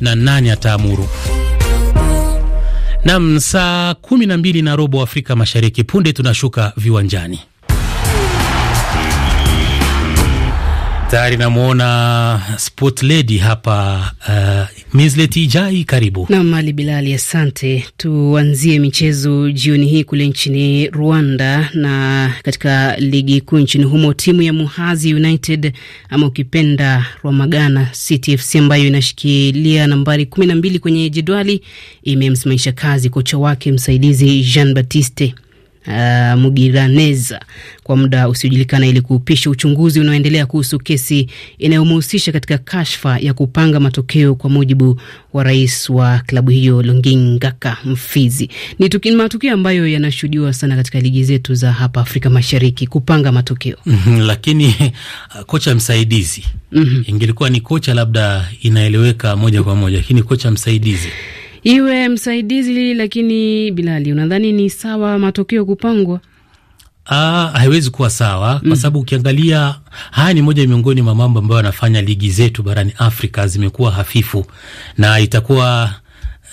na nani ataamuru. Nam, saa kumi na mbili na robo Afrika Mashariki. Punde tunashuka viwanjani. Tayari namwona sport lady hapa uh, misleti Ijai, karibu nam. Ali Bilali, asante. Tuanzie michezo jioni hii kule nchini Rwanda na katika ligi kuu nchini humo, timu ya Muhazi United ama ukipenda Rwamagana CTFC ambayo inashikilia nambari kumi na mbili kwenye jedwali imemsimamisha kazi kocha wake msaidizi Jean Batiste uh, Mugiraneza kwa muda usiojulikana ili kuupisha uchunguzi unaoendelea kuhusu kesi inayomhusisha katika kashfa ya kupanga matokeo kwa mujibu wa rais wa klabu hiyo longin ngaka Mfizi. Ni matukio ambayo yanashuhudiwa sana katika ligi zetu za hapa Afrika Mashariki, kupanga matokeo mm -hmm, lakini ah, kocha msaidizi mm -hmm, ingelikuwa ni kocha labda inaeleweka moja kwa moja, lakini kocha msaidizi iwe msaidizi. Lakini Bilali, unadhani ni sawa matokeo kupangwa? Ah, haiwezi kuwa sawa mm, kwa sababu ukiangalia haya ni moja miongoni mwa mambo ambayo yanafanya ligi zetu barani Afrika zimekuwa hafifu na itakuwa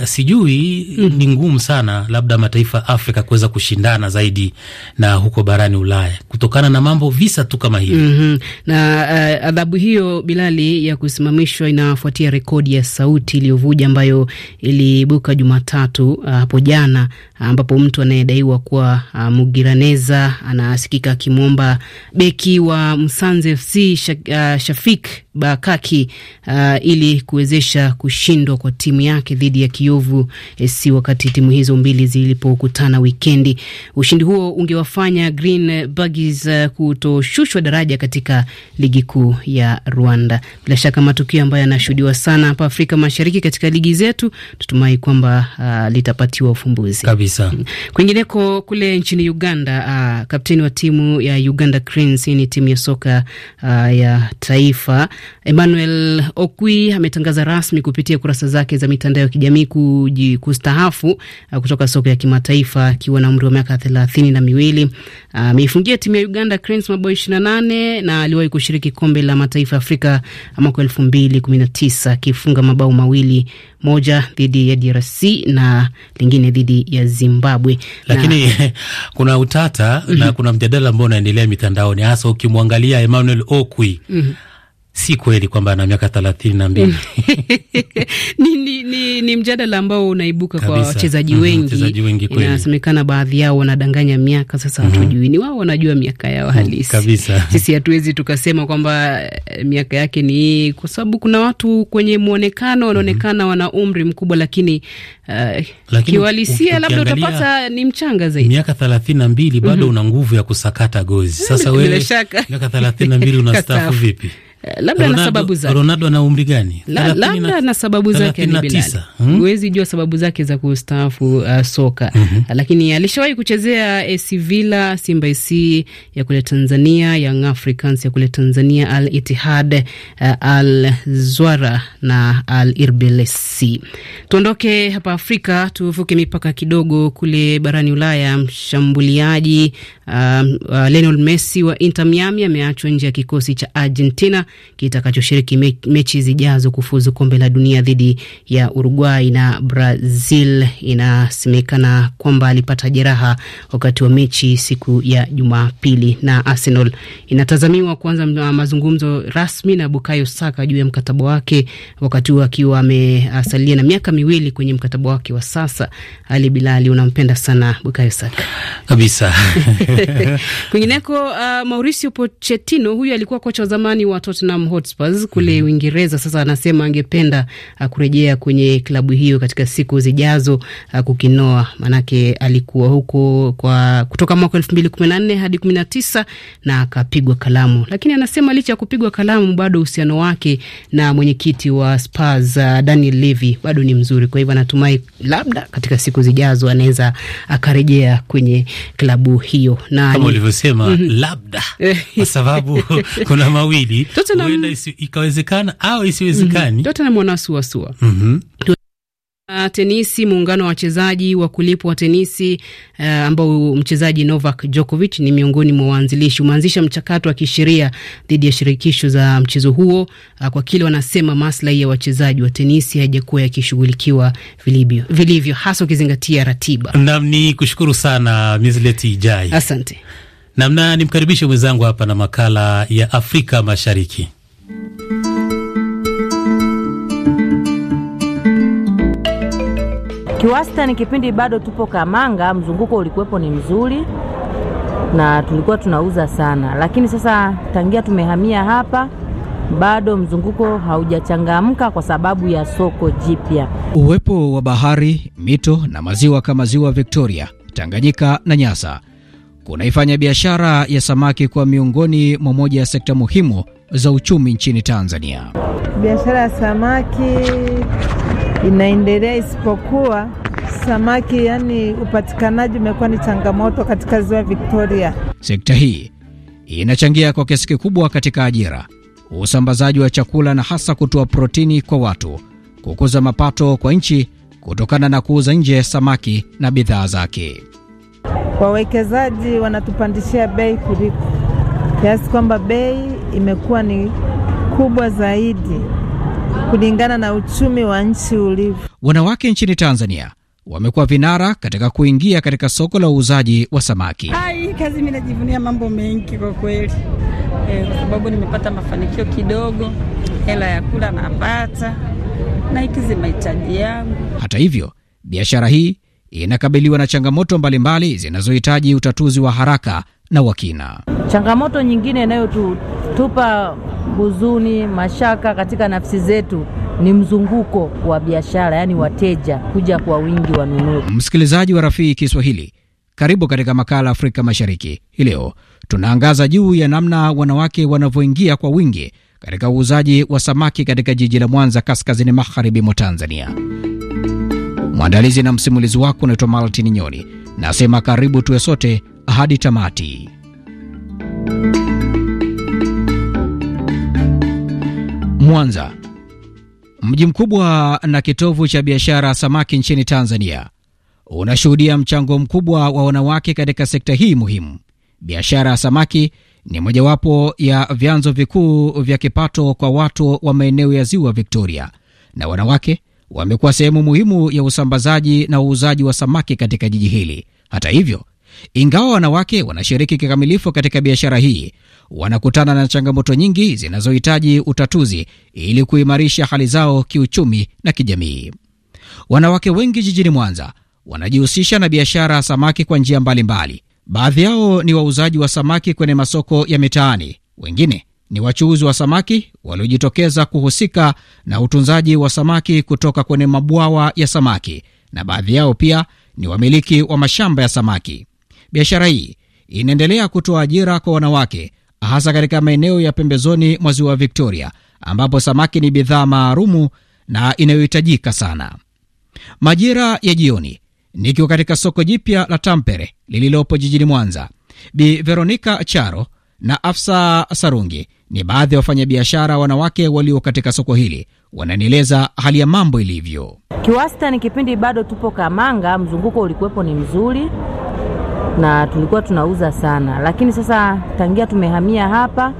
Eh, sijui mm. Ni ngumu sana labda mataifa Afrika kuweza kushindana zaidi na huko barani Ulaya kutokana na mambo visa tu kama hivi mm -hmm. Na uh, adhabu hiyo Bilali ya kusimamishwa inafuatia rekodi ya sauti iliyovuja ambayo iliibuka Jumatatu eh, hapo uh, jana ambapo mtu anayedaiwa kuwa uh, Mugiraneza anasikika akimwomba beki wa Msanze FC Shak, uh, Shafik Bakaki uh, ili kuwezesha kushindwa kwa timu yake dhidi ya Kiovu e, eh, si wakati timu hizo mbili zilipokutana wikendi. Ushindi huo ungewafanya Green Buggies eh, kutoshushwa daraja katika ligi kuu ya Rwanda. Bila shaka matukio ambayo yanashuhudiwa sana hapa Afrika Mashariki katika ligi zetu, tutumai kwamba uh, litapatiwa ufumbuzi kabisa. Kwingineko kule nchini Uganda, uh, kapteni wa timu ya Uganda Cranes, hii ni timu ya soka uh, ya taifa, Emmanuel Okwi ametangaza rasmi kupitia kurasa zake za mitandao ya kijamii kuji, kustahafu uh, kutoka soka ya kimataifa akiwa na umri wa miaka thelathini na miwili. Uh, ameifungia timu ya Uganda Cranes mabao 28 na aliwahi kushiriki kombe la mataifa Afrika mwaka 2019 akifunga mabao mawili, moja dhidi ya DRC na lingine dhidi ya Zimbabwe. Lakini na... kuna utata na mhm. kuna mjadala ambao unaendelea mitandaoni hasa ukimwangalia Emmanuel Okwi mm -hmm. Si kweli kwamba ana miaka thelathini na mbili. Mm. Ni, ni, ni, ni mjadala ambao unaibuka kabisa, kwa mm, wachezaji wengi mm -hmm, wengi inasemekana baadhi yao wanadanganya miaka. Sasa mm-hmm. hatujui mm -hmm, ni wao wanajua miaka yao mm, halisi kabisa. Sisi hatuwezi tukasema kwamba eh, miaka yake ni hii, kwa sababu kuna watu kwenye mwonekano wanaonekana mm-hmm. wana umri mkubwa, lakini uh, kiuhalisia labda utapata ni mchanga zaidi. Miaka thelathini na mbili bado mm -hmm, una nguvu ya kusakata gozi. Sasa wewe miaka thelathini na mbili unastaafu vipi? Eh, labda na sababu zake. Ronaldo ana umri gani? labda na sababu zake ni Bilali. Hmm? Huwezi jua sababu zake za kustaafu uh, soka mm -hmm. Lakini alishawahi kuchezea AC Villa, Simba SC ya kule Tanzania, Young Africans ya kule Tanzania, Al Ittihad, uh, Al Zwara na Al Irbil SC. Tuondoke hapa Afrika, tuvuke mipaka kidogo kule barani Ulaya. Mshambuliaji uh, uh, Lionel Messi wa Inter Miami ameachwa nje ya kikosi cha Argentina kitakachoshiriki mechi zijazo kufuzu kombe la dunia dhidi ya Uruguay na Brazil. Inasemekana kwamba alipata jeraha wakati wa mechi siku ya Jumapili, na Arsenal inatazamiwa kuanza mazungumzo rasmi na Bukayo Saka juu ya mkataba wake, wakati huu akiwa amesalia na miaka miwili kwenye mkataba wake wa sasa. Ali Bilali, unampenda sana Bukayo Saka kabisa. Kwingineko, uh, Mauricio Pochettino huyu alikuwa kocha wa zamani wa Tottenham Hotspurs kule mhm. Uingereza. Sasa anasema angependa uh, kurejea kwenye klabu hiyo katika siku zijazo uh, kukinoa, manake alikuwa huko kwa kutoka mwaka elfu mbili kumi na nne hadi kumi na tisa na akapigwa kalamu, lakini anasema licha ya kupigwa kalamu bado uhusiano wake na mwenyekiti wa Spurs uh, Daniel Levy bado ni mzuri. Kwa hivyo anatumai labda katika siku zijazo anaweza akarejea kwenye klabu hiyo, na kama ulivyosema, mhm. labda kwa sababu kuna mawili huenda ikawezekana au isiwezekani. mm -hmm. mm -hmm. Uh, tenisi muungano wa wachezaji wa kulipwa wa tenisi uh, ambao mchezaji Novak Djokovic ni miongoni mwa waanzilishi umeanzisha mchakato wa kisheria dhidi ya shirikisho za mchezo huo uh, kwa kile wanasema maslahi ya wachezaji wa tenisi hayajakuwa yakishughulikiwa vilivyo, vilivyo hasa ukizingatia ratiba. Naam, ni kushukuru sana Mizleti Ijai, asante namna nimkaribishe mwenzangu hapa na makala ya Afrika Mashariki. Kiwastani kipindi bado tupo Kamanga, mzunguko ulikuwepo ni mzuri na tulikuwa tunauza sana, lakini sasa tangia tumehamia hapa bado mzunguko haujachangamka kwa sababu ya soko jipya. Uwepo wa bahari, mito na maziwa kama ziwa Victoria, Tanganyika na Nyasa kunaifanya biashara ya samaki kuwa miongoni mwa moja ya sekta muhimu za uchumi nchini Tanzania. Biashara ya samaki inaendelea, isipokuwa samaki, yani upatikanaji umekuwa ni changamoto katika ziwa Victoria. Sekta hii inachangia kwa kiasi kikubwa katika ajira, usambazaji wa chakula na hasa kutoa protini kwa watu, kukuza mapato kwa nchi kutokana na kuuza nje samaki na bidhaa zake. Wawekezaji wanatupandishia bei kuliko kiasi kwamba bei imekuwa ni kubwa zaidi kulingana na uchumi wa nchi ulivyo. Wanawake nchini Tanzania wamekuwa vinara katika kuingia katika soko la uuzaji wa samaki. Hii kazi mi najivunia mambo mengi kwa kweli e, kwa sababu nimepata mafanikio kidogo, hela ya kula napata na ikizi mahitaji yangu. Hata hivyo biashara hii inakabiliwa na changamoto mbalimbali zinazohitaji utatuzi wa haraka na wa kina. Changamoto nyingine inayotupa huzuni, mashaka katika nafsi zetu ni mzunguko wa biashara, yaani wateja kuja kwa wingi wanunuzi. Msikilizaji wa Rafii Kiswahili, karibu katika makala Afrika Mashariki. Hii leo tunaangaza juu ya namna wanawake wanavyoingia kwa wingi katika uuzaji wa samaki katika jiji la Mwanza, kaskazini magharibi mwa Tanzania. Mwandalizi na msimulizi wako unaitwa Martin Nyoni, nasema karibu tuwe sote hadi tamati. Mwanza, mji mkubwa na kitovu cha biashara samaki nchini Tanzania, unashuhudia mchango mkubwa wa wanawake katika sekta hii muhimu. Biashara ya samaki ni mojawapo ya vyanzo vikuu vya kipato kwa watu wa maeneo ya ziwa Victoria, na wanawake wamekuwa sehemu muhimu ya usambazaji na uuzaji wa samaki katika jiji hili. Hata hivyo, ingawa wanawake wanashiriki kikamilifu katika biashara hii, wanakutana na changamoto nyingi zinazohitaji utatuzi ili kuimarisha hali zao kiuchumi na kijamii. Wanawake wengi jijini Mwanza wanajihusisha na biashara ya samaki kwa njia mbalimbali. Baadhi yao ni wauzaji wa samaki kwenye masoko ya mitaani, wengine ni wachuuzi wa samaki waliojitokeza kuhusika na utunzaji wa samaki kutoka kwenye mabwawa ya samaki, na baadhi yao pia ni wamiliki wa mashamba ya samaki. Biashara hii inaendelea kutoa ajira kwa wanawake, hasa katika maeneo ya pembezoni mwa ziwa Victoria, ambapo samaki ni bidhaa maarumu na inayohitajika sana. Majira ya jioni nikiwa katika soko jipya la Tampere lililopo jijini Mwanza, Bi Veronica Charo na Afsa Sarungi ni baadhi ya wafanyabiashara wanawake walio katika soko hili wananieleza hali ya mambo ilivyo. Kiwastani kipindi bado tupo Kamanga, mzunguko ulikuwepo ni mzuri na tulikuwa tunauza sana, lakini sasa tangia tumehamia hapa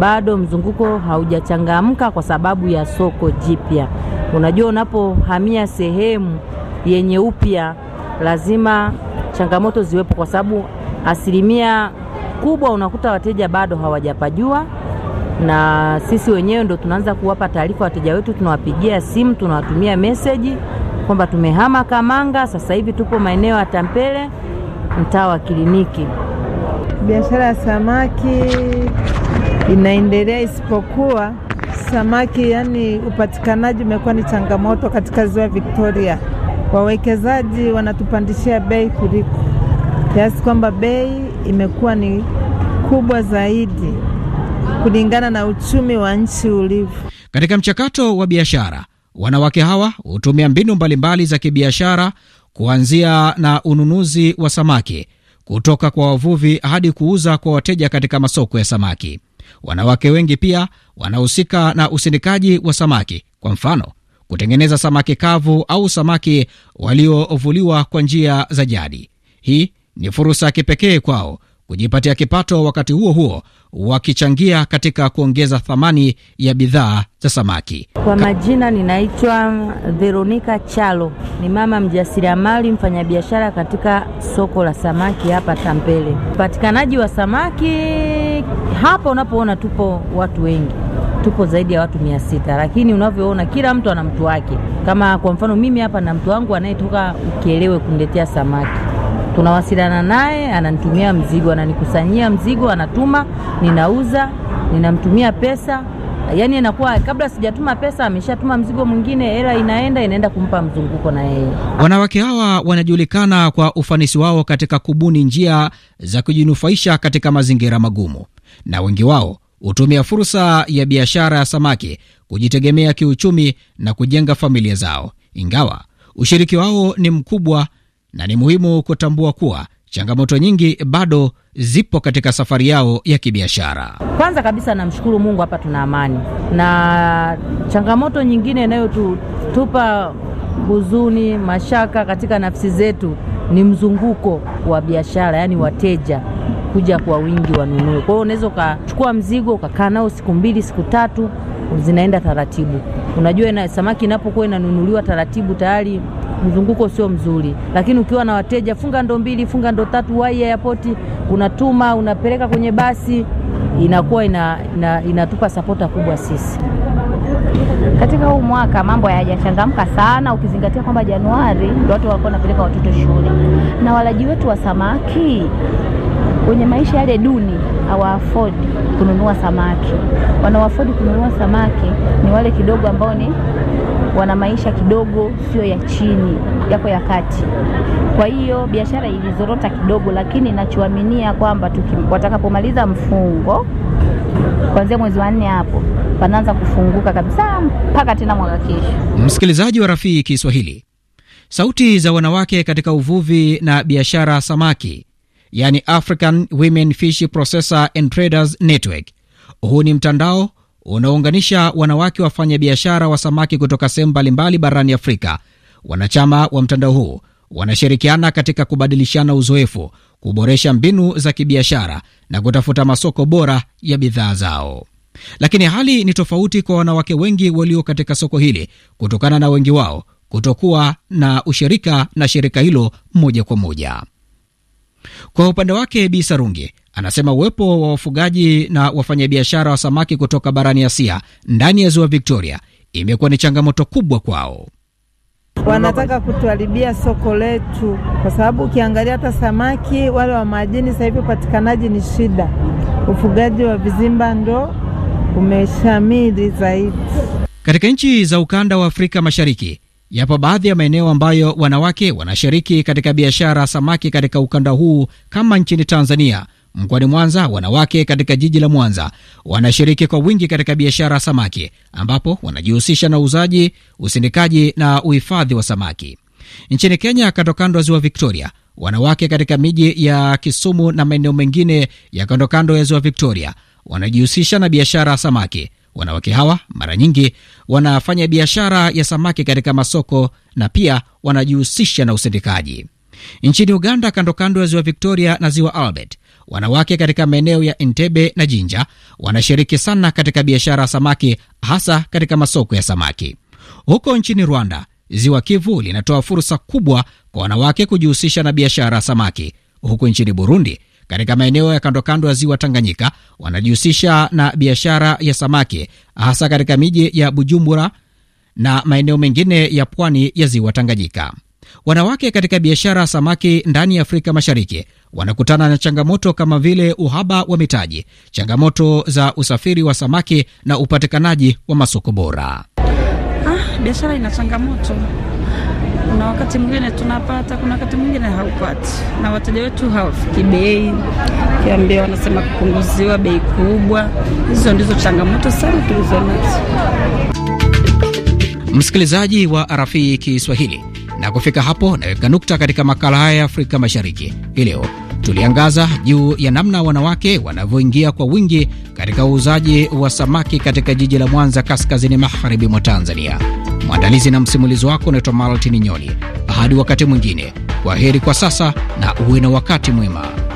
bado mzunguko haujachangamka kwa sababu ya soko jipya. Unajua, unapohamia sehemu yenye upya lazima changamoto ziwepo, kwa sababu asilimia kubwa unakuta wateja bado hawajapajua na sisi wenyewe ndo tunaanza kuwapa taarifa wateja wetu, tunawapigia simu, tunawatumia meseji kwamba tumehama Kamanga, sasa hivi tupo maeneo ya Tampele, mtaa wa kliniki. Biashara ya samaki inaendelea, isipokuwa samaki, yani upatikanaji umekuwa ni changamoto katika ziwa Victoria. Wawekezaji wanatupandishia bei kuliko kiasi kwamba bei imekuwa ni kubwa zaidi kulingana na uchumi wa nchi ulivyo. Katika mchakato wa biashara, wanawake hawa hutumia mbinu mbalimbali za kibiashara, kuanzia na ununuzi wa samaki kutoka kwa wavuvi hadi kuuza kwa wateja katika masoko ya samaki. Wanawake wengi pia wanahusika na usindikaji wa samaki, kwa mfano kutengeneza samaki kavu au samaki waliovuliwa kwa njia za jadi. Hii ni fursa ya kipekee kwao kujipatia kipato, wakati huo huo wakichangia katika kuongeza thamani ya bidhaa za samaki. Kwa majina, ninaitwa Veronika Chalo, ni mama mjasiriamali, mfanyabiashara katika soko la samaki hapa Tambele. Upatikanaji wa samaki hapa unapoona, tupo watu wengi tupo zaidi ya watu mia sita, lakini unavyoona kila mtu ana mtu wake. Kama kwa mfano mimi hapa na mtu wangu anayetoka Ukielewe kuniletea samaki tunawasiliana naye, ananitumia mzigo, ananikusanyia mzigo, anatuma, ninauza, ninamtumia pesa. yani inakuwa kabla sijatuma pesa ameshatuma mzigo mwingine, hela inaenda inaenda kumpa mzunguko na yeye. Wanawake hawa wanajulikana kwa ufanisi wao katika kubuni njia za kujinufaisha katika mazingira magumu, na wengi wao hutumia fursa ya biashara ya samaki kujitegemea kiuchumi na kujenga familia zao, ingawa ushiriki wao ni mkubwa na ni muhimu kutambua kuwa changamoto nyingi bado zipo katika safari yao ya kibiashara. Kwanza kabisa namshukuru Mungu, hapa tuna amani, na changamoto nyingine inayotupa huzuni, mashaka katika nafsi zetu ni mzunguko wa biashara, yaani wateja kuja kwa wingi wanunue. Kwa hiyo unaweza ukachukua mzigo ukakaa nao siku mbili, siku tatu, zinaenda taratibu. Unajua, samaki inapokuwa inanunuliwa taratibu, tayari mzunguko sio mzuri, lakini ukiwa na wateja, funga ndo mbili, funga ndo tatu, wai airport unatuma, unapeleka kwenye basi, inakuwa ina, ina, inatupa sapota kubwa sisi. Katika huu mwaka mambo hayajachangamka sana, ukizingatia kwamba Januari ndio watu walikuwa wanapeleka watoto shule, na walaji wetu wa samaki wenye maisha yale duni hawaafodi kununua samaki. Wanaoafodi kununua samaki ni wale kidogo ambao ni wana maisha kidogo sio ya chini, yako ya kati. Kwa hiyo biashara ilizorota kidogo, lakini nachoaminia kwamba watakapomaliza mfungo kuanzia mwezi wa nne hapo panaanza kufunguka kabisa mpaka tena mwaka kesho. Msikilizaji wa Rafii Kiswahili, sauti za wanawake katika uvuvi na biashara samaki, yani African Women Fish Processor and Traders Network. Huu ni mtandao unaounganisha wanawake wafanyabiashara wa samaki kutoka sehemu mbalimbali barani Afrika. Wanachama wa mtandao huu wanashirikiana katika kubadilishana uzoefu, kuboresha mbinu za kibiashara na kutafuta masoko bora ya bidhaa zao. Lakini hali ni tofauti kwa wanawake wengi walio katika soko hili kutokana na wengi wao kutokuwa na ushirika na shirika hilo moja kwa moja. Kwa upande wake, Bi Sarungi anasema uwepo wa wafugaji na wafanyabiashara wa samaki kutoka barani Asia ndani ya ziwa Victoria imekuwa ni changamoto kubwa kwao. Wanataka kutuharibia soko letu, kwa sababu ukiangalia hata samaki wale wa majini sasa hivi upatikanaji ni shida. Ufugaji wa vizimba ndo umeshamiri zaidi. Katika nchi za ukanda wa Afrika Mashariki yapo baadhi ya maeneo ambayo wanawake wanashiriki katika biashara samaki katika ukanda huu kama nchini Tanzania Mkoani Mwanza, wanawake katika jiji la Mwanza wanashiriki kwa wingi katika biashara ya samaki, ambapo wanajihusisha na uuzaji, usindikaji na uhifadhi wa samaki. Nchini Kenya, kandokando ya ziwa Victoria, wanawake katika miji ya Kisumu na maeneo mengine ya kandokando ya ziwa Victoria wanajihusisha na biashara ya samaki. Wanawake hawa mara nyingi wanafanya biashara ya samaki katika masoko na pia wanajihusisha na usindikaji. Nchini Uganda, kandokando ya ziwa Victoria na ziwa Albert, Wanawake katika maeneo ya Entebbe na Jinja wanashiriki sana katika biashara ya samaki, hasa katika masoko ya samaki. Huko nchini Rwanda, ziwa Kivu linatoa fursa kubwa kwa wanawake kujihusisha na biashara ya samaki. Huko nchini Burundi, katika maeneo ya kandokando ya ziwa Tanganyika wanajihusisha na biashara ya samaki, hasa katika miji ya Bujumbura na maeneo mengine ya pwani ya ziwa Tanganyika. Wanawake katika biashara ya samaki ndani ya Afrika Mashariki wanakutana na changamoto kama vile uhaba wa mitaji, changamoto za usafiri wa samaki na upatikanaji wa masoko bora. Ah, biashara ina changamoto. Kuna wakati mwingine tunapata, kuna wakati mwingine haupati, na wateja wetu hawafiki bei, kiambia wanasema kupunguziwa bei kubwa. Hizo ndizo changamoto sana tulizonazo. Msikilizaji wa RFI Kiswahili, na kufika hapo naweka nukta katika makala haya ya Afrika Mashariki hii leo. Tuliangaza juu ya namna wanawake wanavyoingia kwa wingi katika uuzaji wa samaki katika jiji la Mwanza, kaskazini magharibi mwa Tanzania. Mwandalizi na msimulizi wako unaitwa Maltini Nyoni. Hadi wakati mwingine, kwaheri kwa sasa na uwe na wakati mwema.